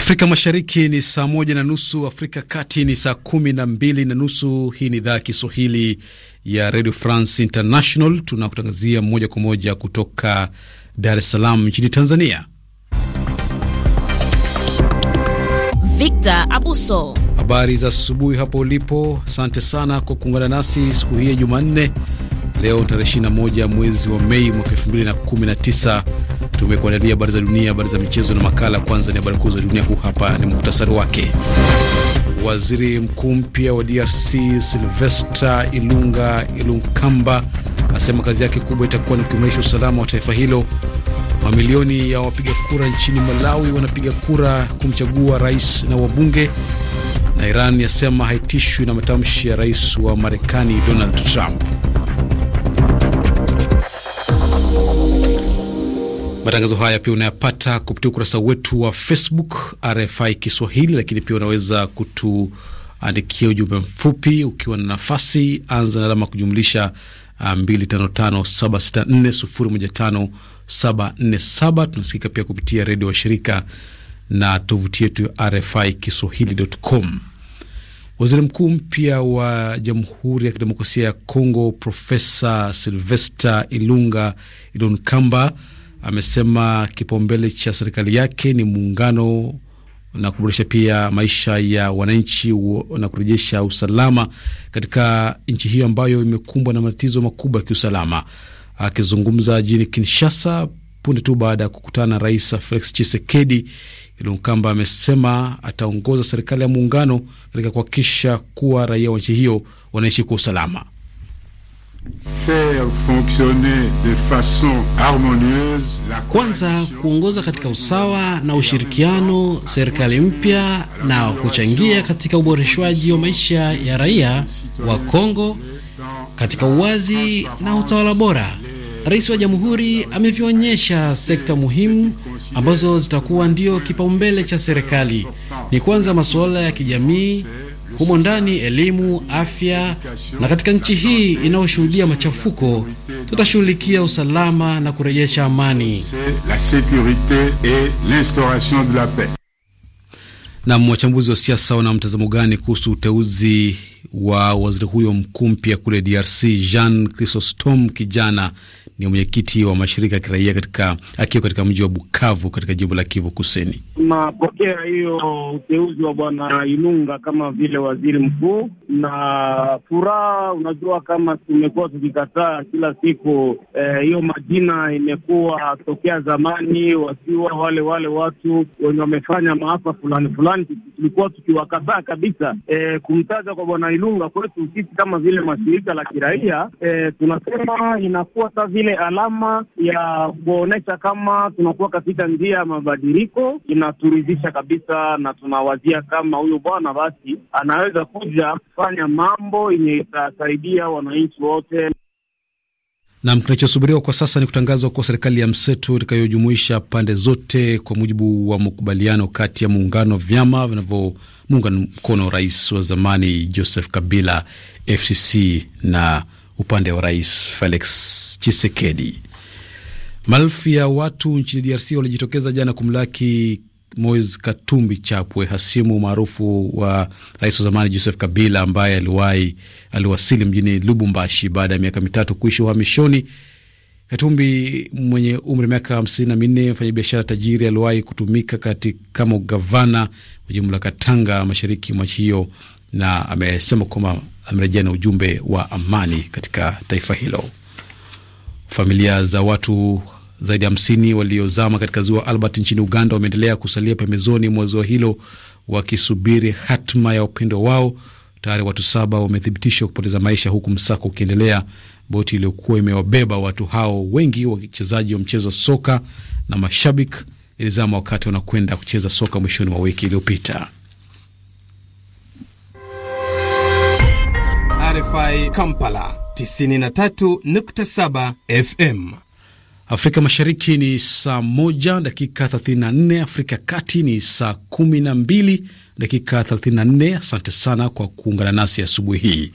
Afrika Mashariki ni saa moja na nusu, Afrika Kati ni saa kumi na mbili na nusu. Hii ni idhaa ya Kiswahili ya Radio France International, tunakutangazia moja kwa moja kutoka Dar es Salaam nchini Tanzania. Victor Abuso, habari za asubuhi hapo ulipo. Asante sana kwa kuungana nasi siku hii ya Jumanne, leo tarehe 21 mwezi wa Mei mwaka 2019 tumekuandalia habari za dunia, habari za michezo na makala. Kwanza ni habari kuu za dunia, huu hapa ni muhtasari wake. Waziri mkuu mpya wa DRC Silvestre Ilunga Ilunkamba asema kazi yake kubwa itakuwa ni kuimarisha usalama wa taifa hilo. Mamilioni ya wapiga kura nchini Malawi wanapiga kura kumchagua rais na wabunge. Na Iran yasema haitishwi na matamshi ya rais wa Marekani Donald Trump. Matangazo haya pia unayapata kupitia ukurasa wetu wa Facebook RFI Kiswahili, lakini pia unaweza kutuandikia ujumbe mfupi ukiwa na nafasi, anza na alama kujumlisha 255764015747. Uh, Tunasikika pia kupitia redio wa shirika na tovuti yetu ya RFI Kiswahili.com. Waziri mkuu mpya wa Jamhuri ya Kidemokrasia ya Kongo Profesa silvester Ilunga Ilonkamba amesema kipaumbele cha serikali yake ni muungano na kuboresha pia maisha ya wananchi na kurejesha usalama katika nchi hiyo ambayo imekumbwa na matatizo makubwa ya kiusalama. Akizungumza jijini Kinshasa punde tu baada ya kukutana na Rais Felix Tshisekedi, Ilunkamba amesema ataongoza serikali ya muungano katika kuhakikisha kuwa raia wa nchi hiyo wanaishi kwa usalama. Faire fonctionner de façon harmonieuse la kwanza kuongoza katika usawa na ushirikiano serikali mpya na kuchangia katika uboreshwaji wa maisha ya raia wa Kongo katika uwazi na utawala bora. Rais wa Jamhuri amevionyesha sekta muhimu ambazo zitakuwa ndio kipaumbele cha serikali. Ni kwanza masuala ya kijamii humo ndani elimu, afya. Na katika nchi hii inayoshuhudia machafuko, tutashughulikia usalama na kurejesha amani. Nam, wachambuzi wa siasa wana mtazamo gani kuhusu uteuzi wa waziri huyo mkuu mpya kule DRC? Jean Chrysostom Kijana ni mwenyekiti wa mashirika ya kiraia katika akiwa katika mji wa Bukavu katika jimbo la Kivu Kusini. Mapokea hiyo uteuzi wa bwana Ilunga kama vile waziri mkuu na furaha. Unajua, kama tumekuwa tukikataa kila siku eh, hiyo eh, majina imekuwa tokea zamani, wakiwa wale wale watu wenye wamefanya maafa fulani fulani, tulikuwa tukiwakataa kabisa. Eh, kumtaja kwa bwana Ilunga kwetu sisi kama vile mashirika la kiraia eh, tunasema inakuwa sa vile ile alama ya kuonyesha kama tunakuwa katika njia ya mabadiliko inaturidhisha kabisa, na tunawazia kama huyu bwana basi anaweza kuja kufanya mambo yenye itasaidia wananchi wote. Nam, kinachosubiriwa kwa sasa ni kutangazwa kwa serikali ya mseto itakayojumuisha pande zote kwa mujibu wa makubaliano kati ya muungano wa vyama vinavyomuunga mkono rais wa zamani Joseph Kabila, FCC na upande wa rais Felix chisekedi Maelfu ya watu nchini DRC walijitokeza jana kumlaki Moise Katumbi Chapwe, hasimu maarufu wa rais wa zamani Joseph Kabila ambaye aliwahi aliwasili mjini Lubumbashi baada ya miaka mitatu kuishi uhamishoni. Katumbi mwenye umri miaka hamsini na minne, mfanyabiashara tajiri, aliwahi kutumika kati kama gavana wa jimbo la Katanga mashariki mwa nchi hiyo, na amesema kwamba amerejea na ujumbe wa amani katika taifa hilo. Familia za watu zaidi ya hamsini waliozama katika ziwa Albert nchini Uganda wameendelea kusalia pembezoni mwa ziwa hilo wakisubiri hatma ya upendo wao. Tayari watu saba wamethibitishwa kupoteza maisha, huku msako ukiendelea. Boti iliyokuwa imewabeba watu hao, wengi wachezaji wa mchezo wa soka na mashabiki, ilizama wakati wanakwenda kucheza soka mwishoni mwa wiki iliyopita. RFI Kampala 93.7 FM. Afrika Mashariki ni saa moja dakika 34, Afrika ya Kati ni saa 12 dakika 34. Asante sana kwa kuungana nasi asubuhi hii.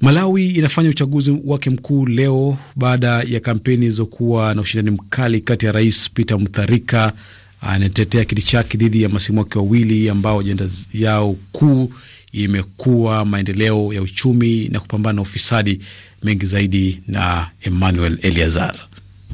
Malawi inafanya uchaguzi wake mkuu leo baada ya kampeni zilizokuwa na ushindani mkali kati ya Rais Peter Mutharika anatetea kiti chake dhidi ya masimu wake wawili ambao ajenda yao kuu imekuwa maendeleo ya uchumi na kupambana na ufisadi. Mengi zaidi na Emmanuel Eliazar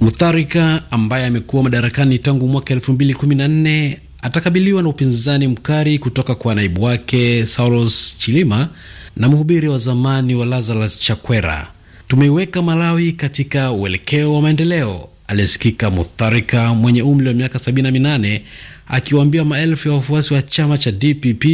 Mutharika ambaye amekuwa madarakani tangu mwaka elfu mbili kumi na nne atakabiliwa na upinzani mkali kutoka kwa naibu wake Saulos Chilima na mhubiri wa zamani wa Lazarus Chakwera. Tumeiweka Malawi katika uelekeo wa maendeleo, aliyesikika Mutharika mwenye umri wa miaka 78 akiwaambia maelfu ya wafuasi wa chama cha DPP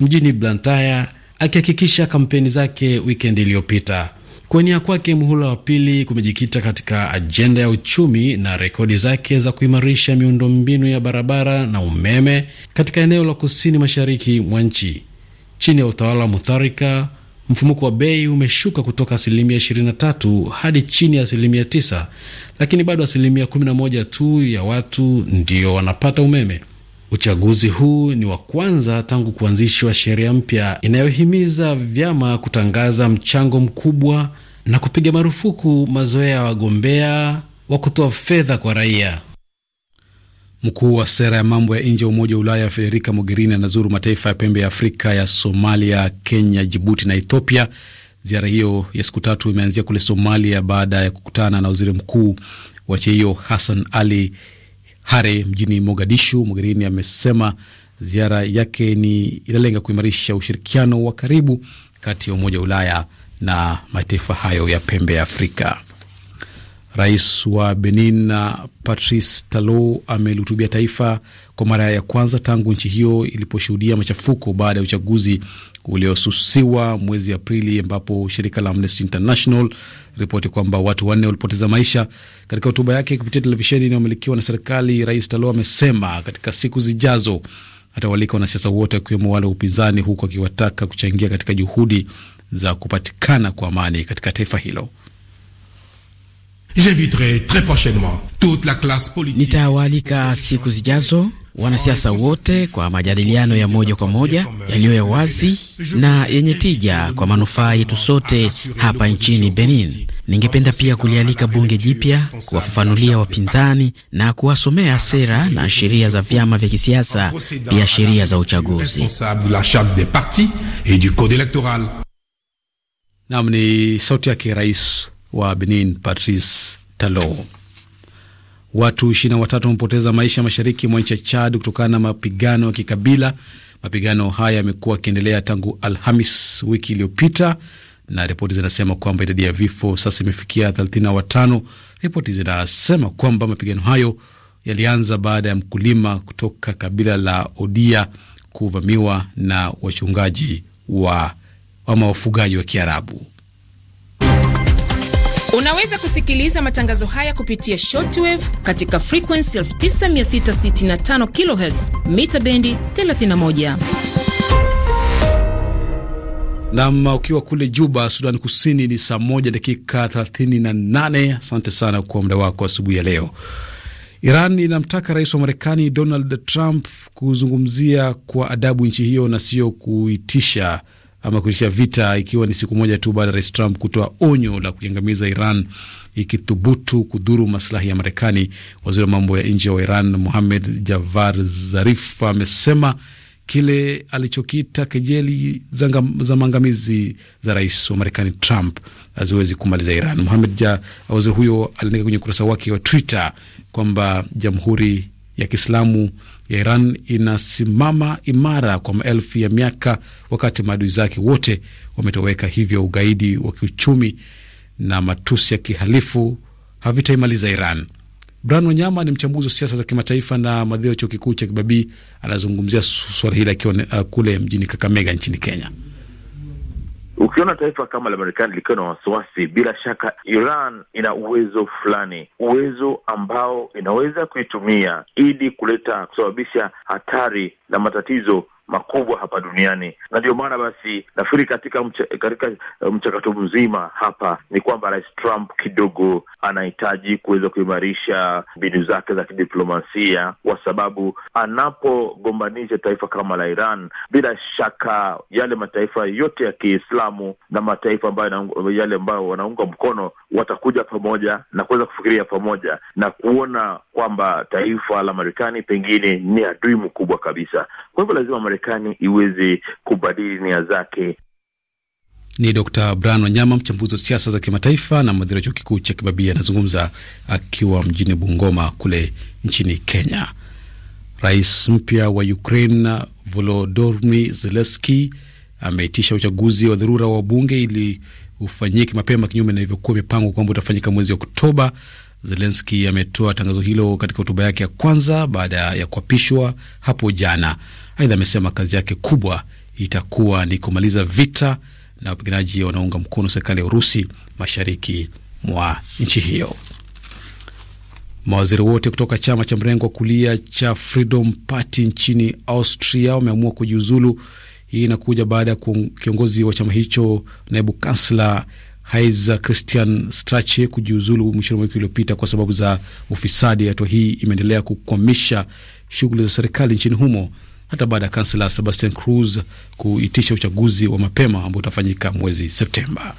mjini Blantyre akihakikisha kampeni zake wikendi iliyopita. Kuwania kwake muhula wa pili kumejikita katika ajenda ya uchumi na rekodi zake za kuimarisha miundombinu ya barabara na umeme katika eneo la kusini mashariki mwa nchi. Chini ya utawala wa Mutharika, mfumuko wa bei umeshuka kutoka asilimia 23 hadi chini ya asilimia 9, lakini bado asilimia 11 tu ya watu ndio wanapata umeme. Uchaguzi huu ni wa kwanza tangu kuanzishwa sheria mpya inayohimiza vyama kutangaza mchango mkubwa na kupiga marufuku mazoea ya wagombea wa kutoa fedha kwa raia. Mkuu wa sera ya mambo ya nje ya Umoja wa Ulaya Federica Mogherini anazuru mataifa ya pembe ya Afrika ya Somalia, Kenya, Jibuti na Ethiopia. Ziara hiyo ya siku tatu imeanzia kule Somalia baada ya kukutana na waziri mkuu wa nchi hiyo Hassan Ali Hare mjini Mogadishu. Mogherini amesema ziara yake ni inalenga kuimarisha ushirikiano wa karibu kati ya Umoja wa Ulaya na mataifa hayo ya pembe ya Afrika. Rais wa Benin uh, Patrice Talo amelihutubia taifa kwa mara ya kwanza tangu nchi hiyo iliposhuhudia machafuko baada ya uchaguzi uliosusiwa mwezi Aprili, ambapo shirika la Amnesty International ripoti kwamba watu wanne walipoteza maisha. Katika hotuba yake kupitia televisheni inayomilikiwa na serikali, Rais Talo amesema katika siku zijazo atawalika wanasiasa wote wakiwemo wale wa upinzani, huku akiwataka kuchangia katika juhudi za kupatikana kwa amani katika taifa hilo. Nitawaalika siku zijazo wanasiasa wote kwa majadiliano ya moja kwa moja yaliyo ya wazi na yenye tija kwa manufaa yetu sote hapa nchini Benin. Ningependa pia kulialika bunge jipya kuwafafanulia wapinzani na kuwasomea sera na sheria za vyama vya kisiasa, pia sheria za uchaguzi. Nam ni sauti yake Rais wa Benin Patrice Talo. Watu watatu wamepoteza maisha mashariki mwa nchi ya Chad kutokana na mapigano ya kikabila. Mapigano haya yamekuwa yakiendelea tangu Alhamis wiki iliyopita, na ripoti zinasema kwamba idadi ya vifo sasa imefikia 35. Ripoti zinasema kwamba mapigano hayo yalianza baada ya mkulima kutoka kabila la Odia kuvamiwa na wachungaji wa ama wafugaji wa Kiarabu. Unaweza kusikiliza matangazo haya kupitia shortwave katika frequency 9665 kHz mita bendi 31. Nam, ukiwa kule Juba, Sudan Kusini, ni saa moja dakika 38. Asante sana kwa muda wako asubuhi ya leo. Iran inamtaka rais wa Marekani Donald Trump kuzungumzia kwa adabu nchi hiyo na sio kuitisha ama kuitisha vita, ikiwa ni siku moja tu baada ya rais Trump kutoa onyo la kuiangamiza Iran ikithubutu kudhuru maslahi ya Marekani. Waziri wa mambo ya nje wa Iran muhamed Javad Zarif amesema kile alichokiita kejeli za maangamizi za rais wa Marekani Trump haziwezi kumaliza Iran. Muhamed ja waziri huyo aliandika kwenye ukurasa wake wa Twitter kwamba jamhuri ya Kiislamu ya Iran inasimama imara kwa maelfu ya miaka, wakati maadui zake wote wametoweka. Hivyo ugaidi wa kiuchumi na matusi ya kihalifu havitaimaliza Iran. Bran Wanyama ni mchambuzi wa siasa za kimataifa na madhiri wa chuo kikuu cha Kibabii. Anazungumzia suala hili akiwa uh, kule mjini Kakamega nchini Kenya. Ukiona taifa kama la Marekani likiwa na wasiwasi, bila shaka Iran ina uwezo fulani, uwezo ambao inaweza kuitumia ili kuleta kusababisha hatari na matatizo makubwa hapa duniani, na ndio maana basi nafikiri katika mcha, katika eh, mchakato mzima hapa ni kwamba Rais Trump kidogo anahitaji kuweza kuimarisha mbinu zake za kidiplomasia, kwa sababu anapogombanisha taifa kama la Iran, bila shaka yale mataifa yote ya Kiislamu na mataifa ambayo yale ambayo wanaunga mkono watakuja pamoja na kuweza kufikiria pamoja na kuona kwamba taifa la Marekani pengine ni adui mkubwa kabisa. Kwa hivyo lazima Marekani iweze kubadili nia zake. Ni Dr Brian Wanyama, mchambuzi wa siasa za kimataifa na mhadhiri wa chuo kikuu cha Kibabii, anazungumza akiwa mjini Bungoma kule nchini Kenya. Rais mpya wa Ukraine Volodymyr zelenski ameitisha uchaguzi wa dharura wa bunge ili ufanyike mapema, kinyume na ilivyokuwa imepangwa kwamba utafanyika mwezi Oktoba, Zelenski ametoa tangazo hilo katika hotuba yake ya kwanza baada ya kuapishwa hapo jana. Aidha, amesema kazi yake kubwa itakuwa ni kumaliza vita na wapiganaji wanaunga mkono serikali ya Urusi mashariki mwa nchi hiyo. Mawaziri wote kutoka chama cha mrengo wa kulia cha Freedom Party nchini Austria wameamua kujiuzulu. Hii inakuja baada ya kiongozi wa chama hicho, naibu kansla Haiza Christian Strache kujiuzulu mwishoni mwa wiki uliopita kwa sababu za ufisadi. Hatua hii imeendelea kukwamisha shughuli za serikali nchini humo hata baada ya kansela Sebastian Cruz kuitisha uchaguzi wa mapema ambao utafanyika mwezi Septemba.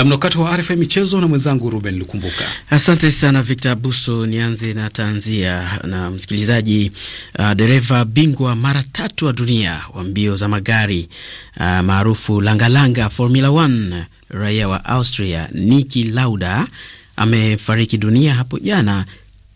Namna wakati wa RFI michezo na mwenzangu Ruben Lukumbuka. Asante sana Victor Buso. Nianze na tanzia na msikilizaji. Uh, dereva bingwa mara tatu wa dunia wa mbio za magari uh, maarufu langalanga Formula 1 raia wa Austria Niki Lauda amefariki dunia hapo jana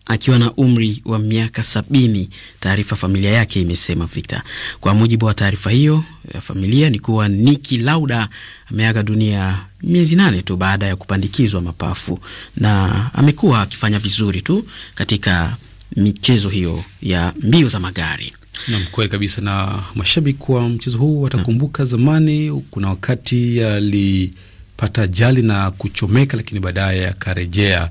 akiwa na umri wa miaka sabini, taarifa familia yake imesema Victor. Kwa mujibu wa taarifa hiyo ya familia ni kuwa Niki Lauda ameaga dunia miezi nane tu baada ya kupandikizwa mapafu na amekuwa akifanya vizuri tu katika michezo hiyo ya mbio za magari. Nam, kweli kabisa. Na mashabiki wa mchezo huu watakumbuka zamani, kuna wakati alipata ajali na kuchomeka, lakini baadaye akarejea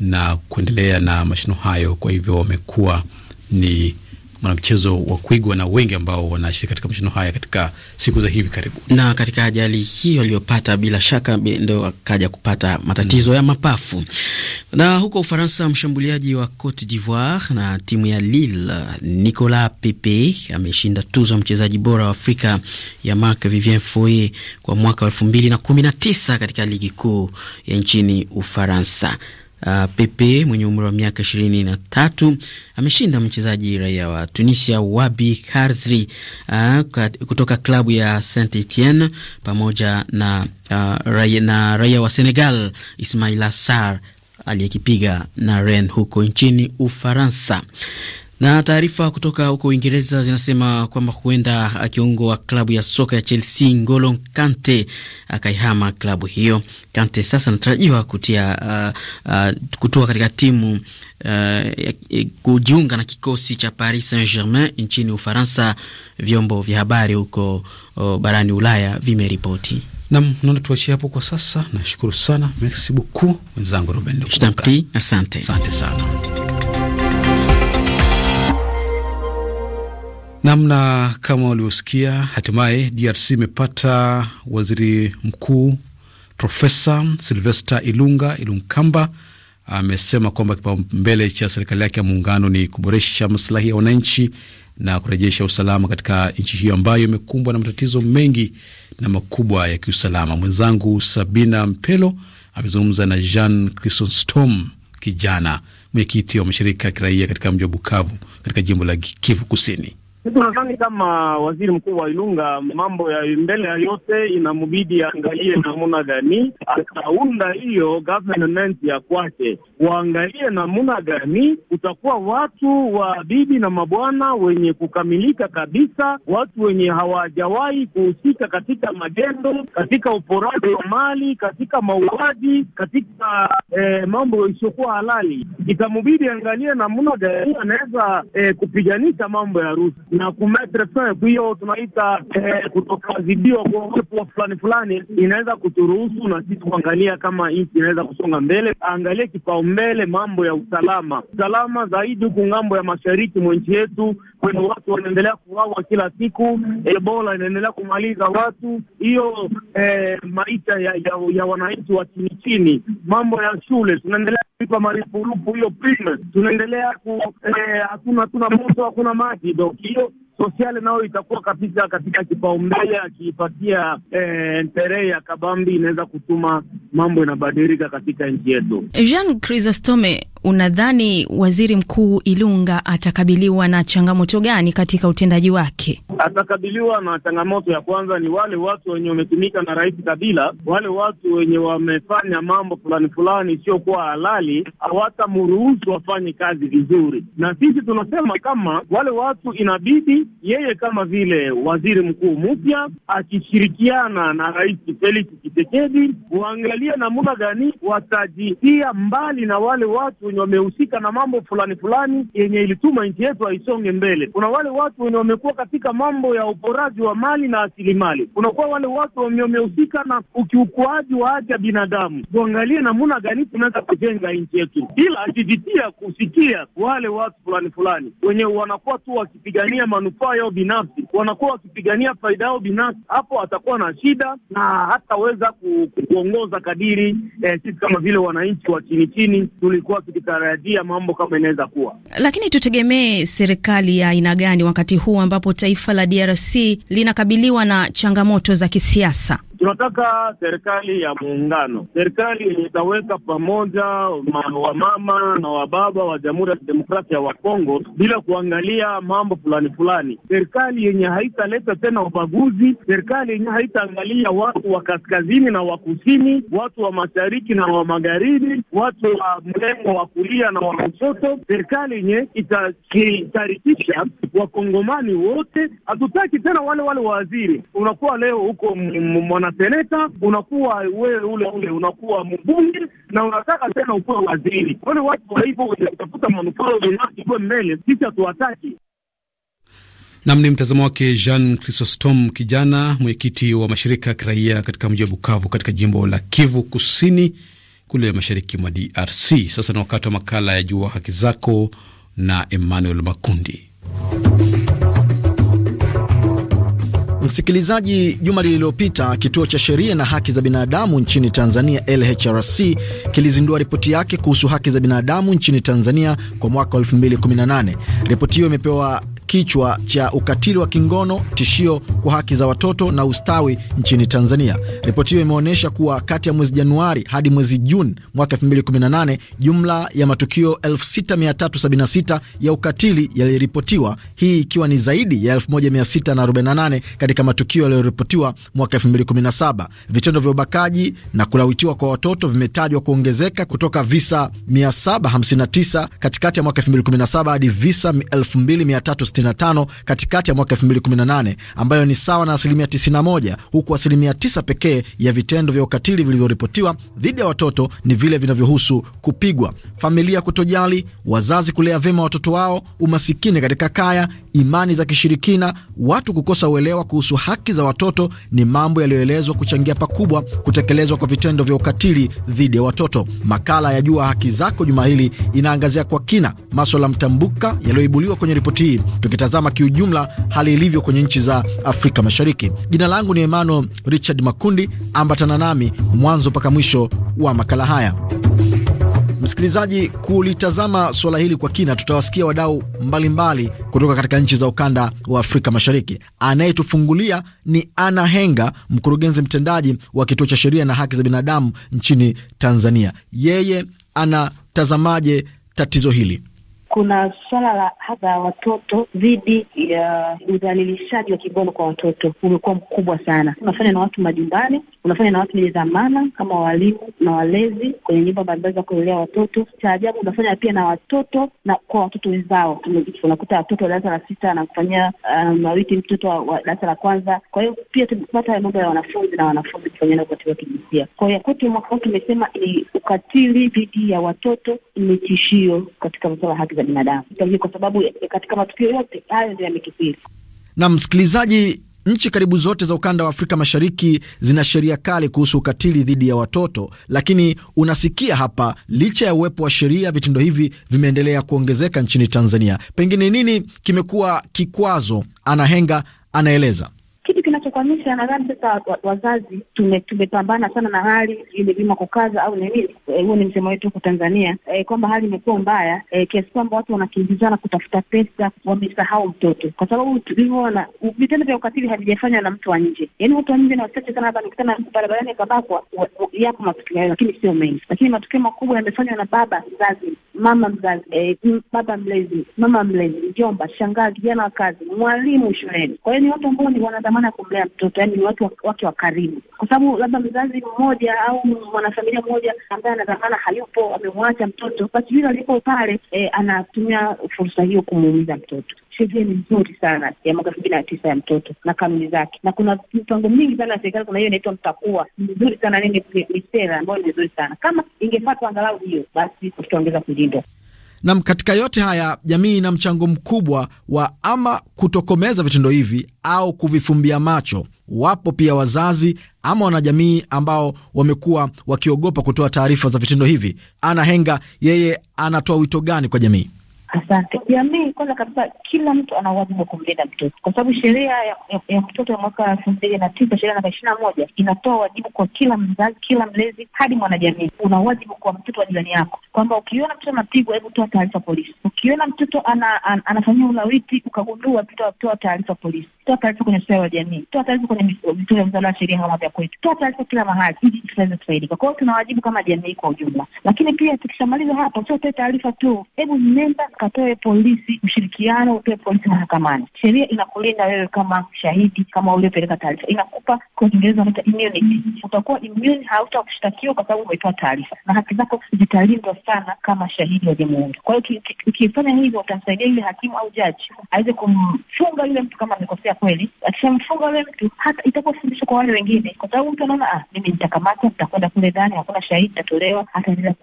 na kuendelea na mashino hayo. Kwa hivyo wamekuwa ni mwanamchezo wa kuigwa na wengi ambao wanashiriki katika mashindano haya katika siku za hivi karibuni. Na katika ajali hiyo aliyopata, bila shaka ndio akaja kupata matatizo mm, ya mapafu. Na huko Ufaransa, mshambuliaji wa Cote d'Ivoire na timu ya Lille Nicolas Pepe ameshinda tuzo ya mchezaji bora wa Afrika ya Marc Vivien Foe kwa mwaka wa elfu mbili na kumi na tisa katika ligi kuu ya nchini Ufaransa. Uh, Pepe mwenye umri wa miaka ishirini na tatu ameshinda mchezaji raia wa Tunisia Wabi ah, Karzri uh, kutoka klabu ya Saint Etienne pamoja na, uh, ah, raia, na raia wa Senegal Ismaila assar aliyekipiga na Rennes huko nchini Ufaransa. Na taarifa kutoka huko Uingereza zinasema kwamba huenda kiungo wa klabu ya soka ya Chelsea Ngolo Kante akaihama klabu hiyo. Kante sasa anatarajiwa kutia uh, uh, kutua katika timu uh, kujiunga na kikosi cha Paris Saint-Germain nchini Ufaransa, vyombo vya habari huko uh, barani Ulaya vimeripoti. Nam, naona tuachie hapo kwa sasa. Nashukuru sana, merci beaucoup mwenzangu Ruben, asante, asante sana. namna kama waliosikia, hatimaye DRC imepata waziri mkuu Profesa Silvesta Ilunga Ilunkamba amesema kwamba kipaumbele cha serikali yake ya muungano ni kuboresha masilahi ya wananchi na kurejesha usalama katika nchi hiyo ambayo imekumbwa na matatizo mengi na makubwa ya kiusalama. Mwenzangu Sabina Mpelo amezungumza na Jean Chrysostom Kijana, mwenyekiti wa mashirika ya kiraia katika mji wa Bukavu katika jimbo la Kivu Kusini. Sisi nadhani kama waziri mkuu wa Ilunga, mambo ya mbele ya yote inamubidi aangalie namuna gani ataunda hiyo government ya kwake, waangalie namuna gani kutakuwa watu wa bibi na mabwana wenye kukamilika kabisa, watu wenye hawajawahi kuhusika katika magendo, katika uporaji wa mali, katika mauaji, katika eh, mambo isiyokuwa halali. Itamubidi angalie namuna gani anaweza eh, kupiganisha mambo ya rusi na kumetre fin hiyo tunaita eh, kutokazidiwa kwa uwepo fulani fulani, inaweza kuturuhusu na sisi kuangalia kama nchi inaweza kusonga mbele. aangalie kipaumbele mambo ya usalama, usalama zaidi huku ngambo ya mashariki mwa nchi yetu, kwene watu wanaendelea kuwawa kila siku, Ebola inaendelea kumaliza watu, hiyo eh, maisha ya, ya, ya wananchi wa chini chini, mambo ya shule tunaendelea kuipa marupurupu hiyo prime, tunaendelea ku, eh, hatuna moto, hakuna maji, hiyo sosiale nayo itakuwa kabisa katika kipaumbele, akiipatia tarehe eh, ya kabambi inaweza kutuma mambo inabadilika katika nchi yetu. Jean Chrysostome, unadhani waziri mkuu Ilunga atakabiliwa na changamoto gani katika utendaji wake? atakabiliwa na changamoto ya kwanza ni wale watu wenye wametumika na Rais Kabila, wale watu wenye wamefanya mambo fulani fulani isiyokuwa halali, hawatamruhusu wafanye kazi vizuri. Na sisi tunasema kama wale watu inabidi yeye kama vile waziri mkuu mpya akishirikiana na Rais Felix Tshisekedi waangalie namna gani watajitia mbali na wale watu wenye wamehusika na mambo fulani fulani yenye ilituma nchi yetu haisonge mbele. Kuna wale watu wenye wamekuwa katika mambo mambo ya uporaji wa mali na asilimali kunakuwa wale watu wamehusika na ukiukuaji wa haki ya binadamu. Tuangalie namuna gani tunaweza kujenga nchi yetu, ila akivitia kusikia wale watu fulani fulani wenye wanakuwa tu wakipigania manufaa yao binafsi, wanakuwa wakipigania faida yao binafsi, hapo atakuwa na shida na hataweza kuongoza kadiri eh, sisi kama vile wananchi wa chini chini tulikuwa tukitarajia mambo kama inaweza kuwa. Lakini tutegemee serikali ya aina gani wakati huu ambapo taifa la DRC linakabiliwa na changamoto za kisiasa tunataka serikali ya muungano, serikali yenye itaweka pamoja wamama na wababa wa Jamhuri ya Kidemokrasia wa Kongo bila kuangalia mambo fulani fulani, serikali yenye haitaleta tena ubaguzi, serikali yenye haitaangalia watu wa kaskazini na wa kusini, watu wa mashariki na wa magharibi, watu wa mrengo wa kulia na wa kushoto, serikali yenye itasharikisha wakongomani wote. Hatutaki tena wale wale waziri, unakuwa leo huko mwana na seneta, unakuwa wewe ule ule unakuwa mbunge na unataka tena ukuwe waziri. Kwani watu wa hivyo wenye kutafuta manufaa binafsi kuwe mbele, sisi hatuwataki. Nam ni mtazamo wake Jean Chrysostom Kijana, mwenyekiti wa mashirika ya kiraia katika mji wa Bukavu katika jimbo la Kivu Kusini kule mashariki mwa DRC. Sasa ni wakati wa makala ya Jua Haki Zako na Emmanuel Makundi. Msikilizaji, juma lililopita kituo cha sheria na haki za binadamu nchini Tanzania LHRC kilizindua ripoti yake kuhusu haki za binadamu nchini Tanzania kwa mwaka 2018. Ripoti hiyo imepewa kichwa cha ukatili wa kingono tishio kwa haki za watoto na ustawi nchini Tanzania. Ripoti hiyo imeonyesha kuwa kati ya mwezi Januari hadi mwezi Juni mwaka 2018 jumla ya matukio 6376 ya ukatili yaliripotiwa, hii ikiwa ni zaidi ya 1648 katika matukio yaliyoripotiwa mwaka 2017. Vitendo vya ubakaji na kulawitiwa kwa watoto vimetajwa kuongezeka kutoka visa 759 katikati ya mwaka 2017 hadi visa 2360 65 katikati ya mwaka 2018 ambayo ni sawa na asilimia 91, huku asilimia 9 pekee ya vitendo vya ukatili vilivyoripotiwa dhidi ya watoto ni vile vinavyohusu kupigwa, familia kutojali, wazazi kulea vyema watoto wao, umasikini katika kaya imani za kishirikina, watu kukosa uelewa kuhusu haki za watoto ni mambo yaliyoelezwa kuchangia pakubwa kutekelezwa kwa vitendo vya ukatili dhidi ya watoto. Makala ya Jua Haki Zako juma hili inaangazia kwa kina maswala mtambuka yaliyoibuliwa kwenye ripoti hii, tukitazama kiujumla hali ilivyo kwenye nchi za Afrika Mashariki. Jina langu ni Emmanuel Richard Makundi, ambatana nami mwanzo mpaka mwisho wa makala haya. Msikilizaji, kulitazama suala hili kwa kina, tutawasikia wadau mbalimbali kutoka katika nchi za ukanda wa Afrika Mashariki. Anayetufungulia ni Ana Henga, mkurugenzi mtendaji wa Kituo cha Sheria na Haki za Binadamu nchini Tanzania. Yeye anatazamaje tatizo hili? kuna swala la hadha watoto dhidi ya udhalilishaji wa kingono kwa watoto umekuwa mkubwa sana. Unafanya na watu majumbani, unafanya na watu wenye dhamana kama walimu na walezi kwenye nyumba mbalimbali za kulelea watoto. Cha ajabu unafanya pia na watoto na kwa watoto wenzao. Unakuta watoto wa darasa la sita anakufanyia uh, mawiti um, mtoto wa darasa la kwanza. Kwa hiyo pia tumepata mambo ya wanafunzi na wanafunzi kufanya na ukatili wa kijinsia. Kwa hiyo kote mwaka huu tumesema ni ukatili dhidi ya watoto ni tishio katika masuala haki za binadamu. Kwa sababu katika matukio yote hayo ndio yamekithiri. Na msikilizaji, nchi karibu zote za ukanda wa Afrika Mashariki zina sheria kali kuhusu ukatili dhidi ya watoto, lakini unasikia hapa, licha ya uwepo wa sheria, vitendo hivi vimeendelea kuongezeka nchini Tanzania. Pengine nini kimekuwa kikwazo? Anahenga anaeleza kukwamisha, nadhani sasa wazazi tumepambana sana na hali imelima kukaza au nini, eh, huo ni msemo wetu huko Tanzania e, kwamba hali imekuwa mbaya e, kiasi kwamba watu wanakimbizana kutafuta pesa, wamesahau mtoto, kwa sababu tulivyoona vitendo vya ukatili havijafanywa na mtu wa nje, yaani watu wa nje na wachache sana. Hapa nikutana barabarani akabakwa, yapo matukio hayo, lakini sio mengi, lakini matukio makubwa yamefanywa na baba mzazi, mama mzazi, e, baba mlezi, mama mlezi, mjomba, shangazi, vijana wa kazi, mwalimu shuleni. Kwa hiyo ni watu ambao ni wanadhamana ya kumlea mtoto, ni watu wake wa karibu, kwa sababu labda mzazi mmoja au mwanafamilia mmoja ambaye anadhamana hayupo, amemwacha mtoto, basi yule alipo pale e, anatumia fursa hiyo kumuumiza mtoto. Sheria ni nzuri sana ya mwaka elfu mbili na tisa ya mtoto na kanuni zake, na kuna mipango mingi sana ya serikali. Kuna hiyo inaitwa Mtakuwa, ni vizuri sana, ni sera ambayo ni vizuri sana. Kama ingefatwa angalau hiyo, basi tutaongeza kulindwa. Nam, katika yote haya jamii ina mchango mkubwa wa ama kutokomeza vitendo hivi au kuvifumbia macho. Wapo pia wazazi ama wanajamii ambao wamekuwa wakiogopa kutoa taarifa za vitendo hivi. Ana Henga, yeye anatoa wito gani kwa jamii? Asante. Jamii kwanza kabisa, kila mtu ana wajibu wa kumlinda mtoto, kwa sababu sheria ya, ya, ya mtoto ya mwaka elfu mbili na tisa sheria namba ishirini na moja inatoa wajibu kwa kila mzazi, kila mlezi, hadi mwanajamii. Una wajibu kwa mtoto wa jirani yako, kwamba ukiona mtoto anapigwa, hebu toa taarifa polisi. Ukiona mtoto ana, an, anafanyia ulawiti ukagundua, toa taarifa polisi, toa taarifa kwenye ustawi wa jamii, toa taarifa kwenye vituo vya msaada wa sheria kama vya kwetu, toa taarifa kila mahali, ili tutaweza kusaidika. Kwa hiyo tuna wajibu kama jamii kwa ujumla, lakini pia tukishamaliza hapa, usiotoe taarifa tu, hebu nenda katoe polisi ushirikiano, utoe polisi mahakamani. Sheria inakulinda wewe kama shahidi, kama uliopeleka taarifa, inakupa kwa Kiingereza wanaita immunity. Utakuwa immune, hautakushtakiwa kwa sababu umetoa taarifa, na haki zako zitalindwa sana kama shahidi wa jamhuri. Kwa hiyo ukifanya hivyo, utamsaidia yule hakimu au jaji aweze kumfunga yule mtu kama amekosea kweli. Akishamfunga yule mtu, hata itakuwa fundisho kwa wale wengine, kwa sababu mtu anaona ah, mimi nitakamata, nitakwenda kule ndani, hakuna shahidi, nitatolewa, hataendelea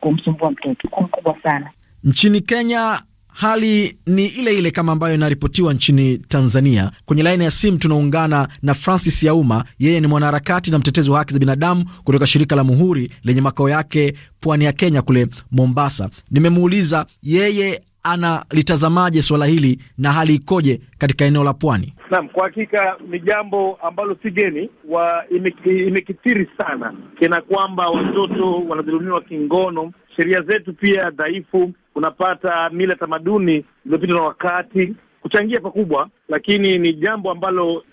kumsumbua mtoto. Kwa mkubwa sana Nchini Kenya hali ni ile ile kama ambayo inaripotiwa nchini Tanzania. Kwenye laini ya simu tunaungana na Francis Yauma, yeye ni mwanaharakati na mtetezi wa haki za binadamu kutoka shirika la Muhuri lenye makao yake pwani ya Kenya kule Mombasa. Nimemuuliza yeye analitazamaje swala hili na hali ikoje katika eneo la pwani? Naam, kwa hakika ni jambo ambalo si geni, imekithiri sana, kena kwamba watoto wanadhulumiwa kingono. Sheria zetu pia dhaifu, unapata mila tamaduni zilizopitwa na wakati kuchangia pakubwa, lakini ni jambo ambalo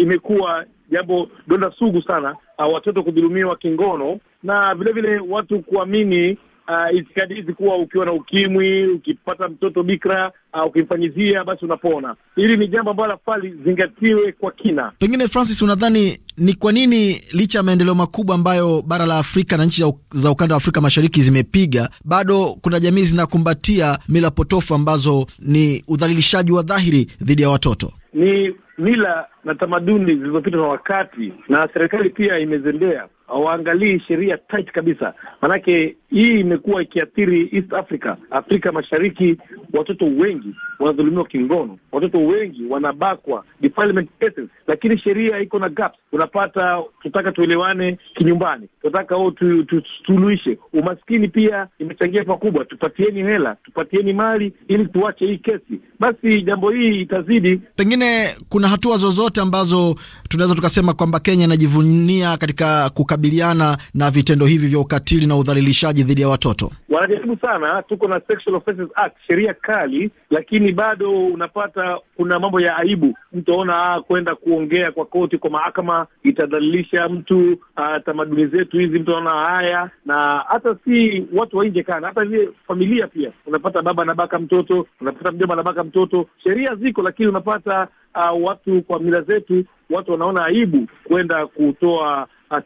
imekuwa jambo donda sugu sana, uh, watoto kudhulumiwa kingono na vilevile vile watu kuamini uh, itikadi hizi kuwa ukiwa na ukimwi, ukipata mtoto bikra uh, ukimfanyizia basi unapona. Hili ni jambo ambalo lafaa lizingatiwe kwa kina. Pengine Francis, unadhani ni kwa nini licha ya maendeleo makubwa ambayo bara la Afrika na nchi za ukanda wa Afrika Mashariki zimepiga, bado kuna jamii zinakumbatia mila potofu ambazo ni udhalilishaji wa dhahiri dhidi ya watoto? Ni mila na tamaduni zilizopitwa na wakati, na serikali pia imezembea, waangalii sheria tight kabisa. Maanake hii imekuwa ikiathiri East Africa, Afrika Mashariki. Watoto wengi wanadhulumiwa kingono, watoto wengi wanabakwa, defilement cases, lakini sheria iko na gaps. Unapata tunataka tuelewane kinyumbani, tunataka o tusuluhishe tu, umaskini pia imechangia pakubwa. Tupatieni hela, tupatieni mali ili tuache hii kesi, basi jambo hii itazidi. Pengine kuna hatua zozote ambazo tunaweza tukasema kwamba Kenya inajivunia katika kukabiliana na vitendo hivi vya ukatili na udhalilishaji unyonyaji dhidi ya watoto? Wanajaribu sana, tuko na Sexual Offences Act, sheria kali, lakini bado unapata kuna mambo ya aibu. mtu aona ah, kwenda kuongea kwa koti, kwa mahakama itadhalilisha mtu. Ah, tamaduni zetu hizi, mtu anaona haya, na hata si watu wa nje kana, hata zile familia pia, unapata baba anabaka mtoto, unapata mjomba anabaka mtoto. Sheria ziko, lakini unapata uh, watu kwa mila zetu, watu wanaona aibu kwenda kutoa Ah,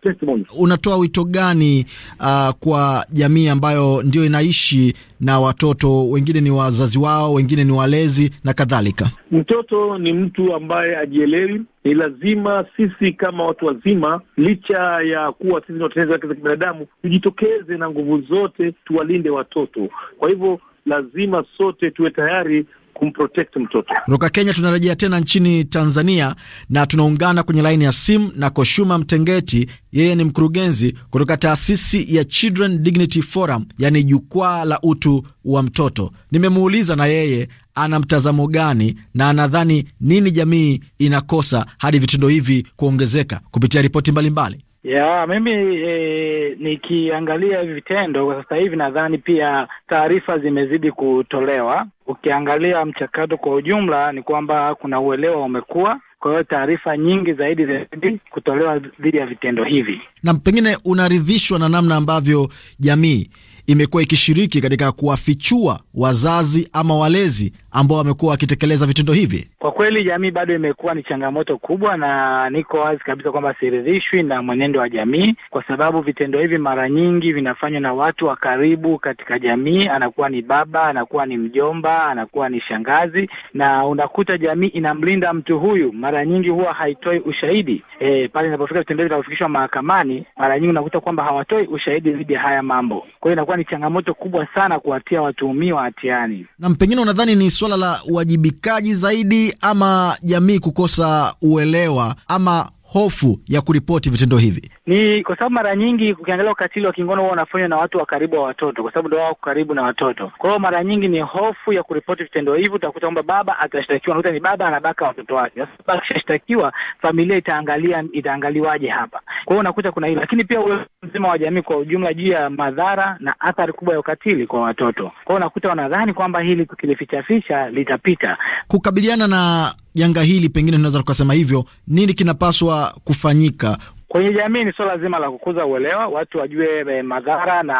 Unatoa wito gani uh, kwa jamii ambayo ndio inaishi na watoto wengine ni wazazi wao, wengine ni walezi na kadhalika? Mtoto ni mtu ambaye ajielewi. Ni lazima sisi kama watu wazima, licha ya kuwa sisi ni watetezi wake za kibinadamu, tujitokeze na nguvu zote tuwalinde watoto. Kwa hivyo lazima sote tuwe tayari kumprotect mtoto. Kutoka Kenya tunarejea tena nchini Tanzania na tunaungana kwenye laini ya simu na Koshuma Mtengeti, yeye ni mkurugenzi kutoka taasisi ya Children Dignity Forum, yani jukwaa la utu wa mtoto. Nimemuuliza na yeye ana mtazamo gani na anadhani nini jamii inakosa hadi vitendo hivi kuongezeka kupitia ripoti mbalimbali. Ya, mimi e, nikiangalia hivi vitendo kwa sasa hivi nadhani pia taarifa zimezidi kutolewa. Ukiangalia mchakato kwa ujumla ni kwamba kuna uelewa umekuwa, kwa hiyo taarifa nyingi zaidi zaidi kutolewa dhidi ya vitendo hivi, na pengine unaridhishwa na namna ambavyo jamii imekuwa ikishiriki katika kuwafichua wazazi ama walezi ambao wamekuwa wakitekeleza vitendo hivi? Kwa kweli, jamii bado imekuwa ni changamoto kubwa, na niko wazi kabisa kwamba siridhishwi na mwenendo wa jamii, kwa sababu vitendo hivi mara nyingi vinafanywa na watu wa karibu katika jamii. Anakuwa ni baba, anakuwa ni mjomba, anakuwa ni shangazi, na unakuta jamii inamlinda mtu huyu. Mara nyingi huwa haitoi ushahidi e, pale inapofika vitendo hivi vinavyofikishwa mahakamani, mara nyingi unakuta kwamba hawatoi ushahidi dhidi ya haya mambo. Kwa hiyo inakuwa ni changamoto kubwa sana kuwatia watuhumiwa hatiani. Na pengine unadhani ni swala la uwajibikaji zaidi ama jamii kukosa uelewa ama hofu ya kuripoti vitendo hivi? Ni kwa sababu mara nyingi ukiangalia ukatili wa kingono huwa unafanywa na watu wa karibu wa watoto, kwa sababu ndio wao karibu na watoto. Kwa hiyo mara nyingi ni hofu ya kuripoti vitendo hivi. Utakuta kwamba baba atashtakiwa, nakuta ni baba anabaka watoto wake. Sasa baba akishashtakiwa, familia itaangalia, itaangaliwaje hapa? Kwa hiyo unakuta kuna hilo, lakini pia uwezo mzima wa jamii kwa ujumla juu ya madhara na athari kubwa ya ukatili kwa watoto. Kwa hiyo unakuta wanadhani kwamba hili tukilifichaficha litapita. kukabiliana na janga hili, pengine tunaweza tukasema hivyo, nini kinapaswa kufanyika Kwenye jamii ni suala zima la kukuza uelewa, watu wajue eh, madhara na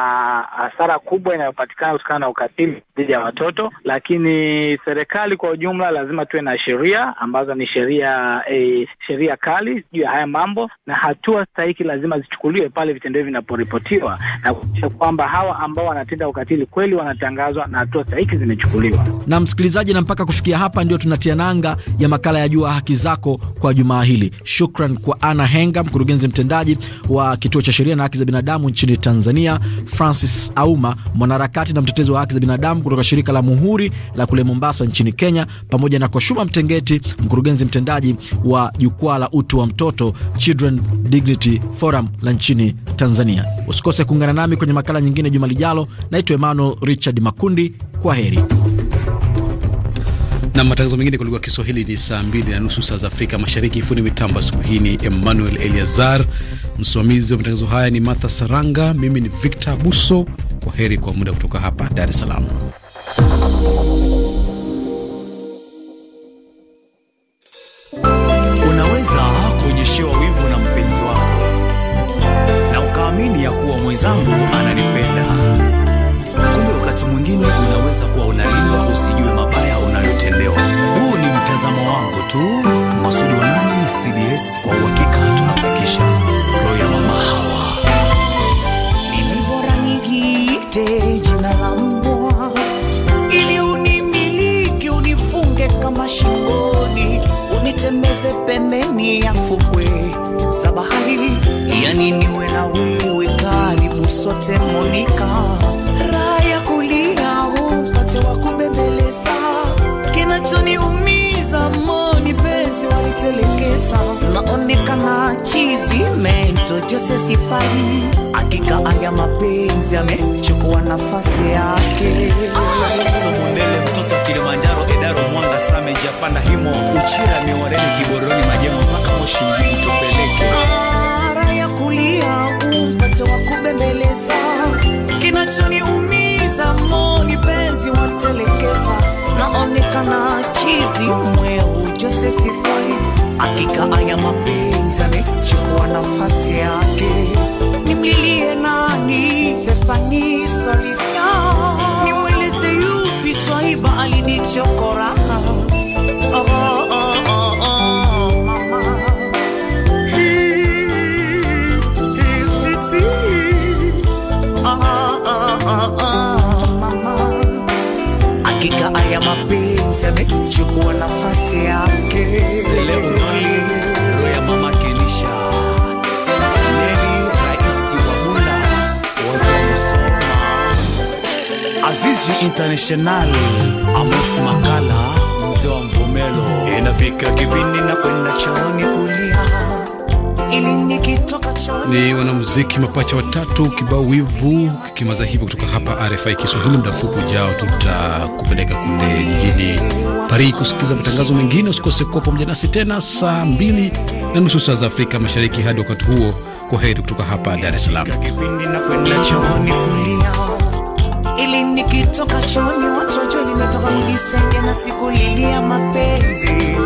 hasara kubwa inayopatikana kutokana na ukatili dhidi ya watoto. Lakini serikali kwa ujumla lazima tuwe na sheria ambazo ni sheria eh, sheria kali juu ya haya mambo, na hatua stahiki lazima zichukuliwe pale vitendo hivi vinaporipotiwa, na kuhakikisha kwamba hawa ambao wanatenda ukatili kweli wanatangazwa na hatua stahiki zimechukuliwa. Na msikilizaji, na mpaka kufikia hapa ndio tunatia nanga ya makala ya Jua Haki Zako kwa jumaa hili. Shukran kwa Ana Henga, mkurugenzi mkurugenzi mtendaji wa kituo cha sheria na haki za binadamu nchini Tanzania, Francis Auma, mwanaharakati na mtetezi wa haki za binadamu kutoka shirika la Muhuri la kule Mombasa nchini Kenya, pamoja na Koshuma Mtengeti, mkurugenzi mtendaji wa jukwaa la utu wa mtoto Children Dignity Forum la nchini Tanzania. Usikose kuungana nami kwenye makala nyingine juma lijalo. Naitwa Emmanuel Richard Makundi, kwa heri. Na matangazo mengine kwa lugha ya Kiswahili ni saa mbili na nusu saa za Afrika Mashariki. Fundi mitambo siku hii ni Emmanuel Eliazar, msimamizi wa matangazo haya ni Martha Saranga, mimi ni Victor Buso. Kwa heri kwa muda kutoka hapa Dar es Salaam. Unaweza kuonyeshewa wivu na mpenzi wako na ukaamini ya kuwa mwenzangu ananipenda tu masudi wa nani CBS, kwa uhakika tunafikisha roho ya mama hawa. Nilivora nigiite jina la mbwa, ili unimiliki, unifunge kama shingoni, unitemeze pembeni ya fukwe za bahari, yani niwe na wewe karibu sote Monika safari, hakika haya mapenzi yamechukua nafasi yake. Mundele mtoto wa Kilimanjaro, Edaro Mwanga, Same Japanda, Himo Uchira, Miwareni, Kiboroni, Majema mpaka Moshi mjini, tupeleke ara ya kulia upate wa kubembeleza, kinachoniumiza moni penzi watelekeza, naonekana chizi mweu Jose sifai, hakika haya mapenzi yamechukua nafasi yake nilie nani Stephanie Solution, nimweleze yupi swaiba alinichokora? Oh, oh, hakika aya mapenzi amechukua nafasi yake leo The International, Amos Makala, mzee wa mvumelo Inafika kipindi na kwenda chooni kulia ili nikitoka chooni. Ni wanamuziki mapacha watatu kibao wivu kikimaza hivyo kutoka hapa RFI Kiswahili. Muda mfupi ujao tutakupeleka kule jijini Paris kusikiza matangazo mengine. Usikose kuwa pamoja nasi tena saa mbili na nusu saa za Afrika Mashariki. Hadi wakati huo, kwa heri kutoka hapa Dar es Salaam. na kwenda nikitoka choni watu wajua nimetoka mgisenge na siku lilia mapenzi